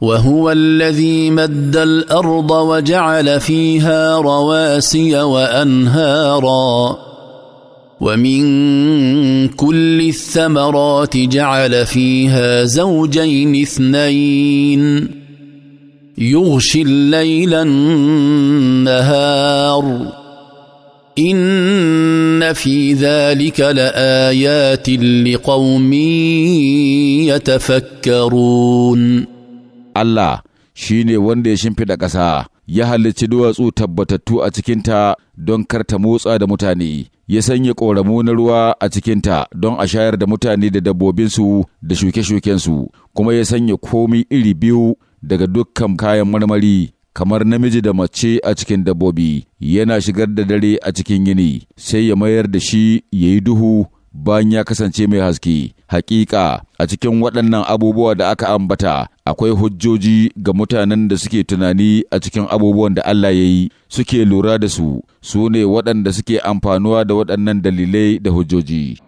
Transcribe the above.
وهو الذي مد الارض وجعل فيها رواسي وانهارا ومن كل الثمرات جعل فيها زوجين اثنين يغشي الليل النهار ان في ذلك لايات لقوم يتفكرون Allah shi ne wanda ya shimfiɗa ƙasa, ya halicci duwatsu tabbatattu a cikinta don kar ta motsa da mutane, ya sanya ƙoramu na ruwa a cikinta don a shayar da mutane da dabbobinsu da shuke-shukensu, kuma ya sanya komi iri biyu daga dukkan kayan marmari. kamar namiji da mace a cikin dabbobi yana shigar da dare a cikin yini sai ya mayar da shi ya yi duhu bayan ya kasance mai haske Hakika a cikin waɗannan abubuwa da aka ambata akwai hujjoji ga mutanen da suke tunani a cikin abubuwan da Allah ya yi suke lura da su, su ne waɗanda suke amfanuwa da waɗannan dalilai da hujjoji.